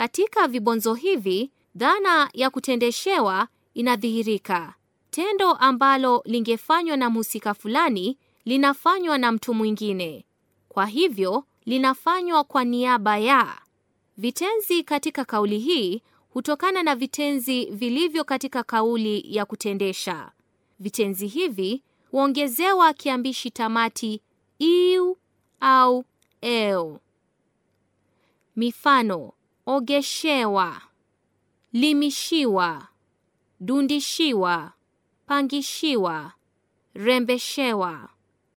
Katika vibonzo hivi, dhana ya kutendeshewa inadhihirika. Tendo ambalo lingefanywa na mhusika fulani linafanywa na mtu mwingine, kwa hivyo linafanywa kwa niaba ya. Vitenzi katika kauli hii hutokana na vitenzi vilivyo katika kauli ya kutendesha. Vitenzi hivi huongezewa kiambishi tamati iu au eu. Mifano: ogeshewa, limishiwa, dundishiwa, pangishiwa, rembeshewa.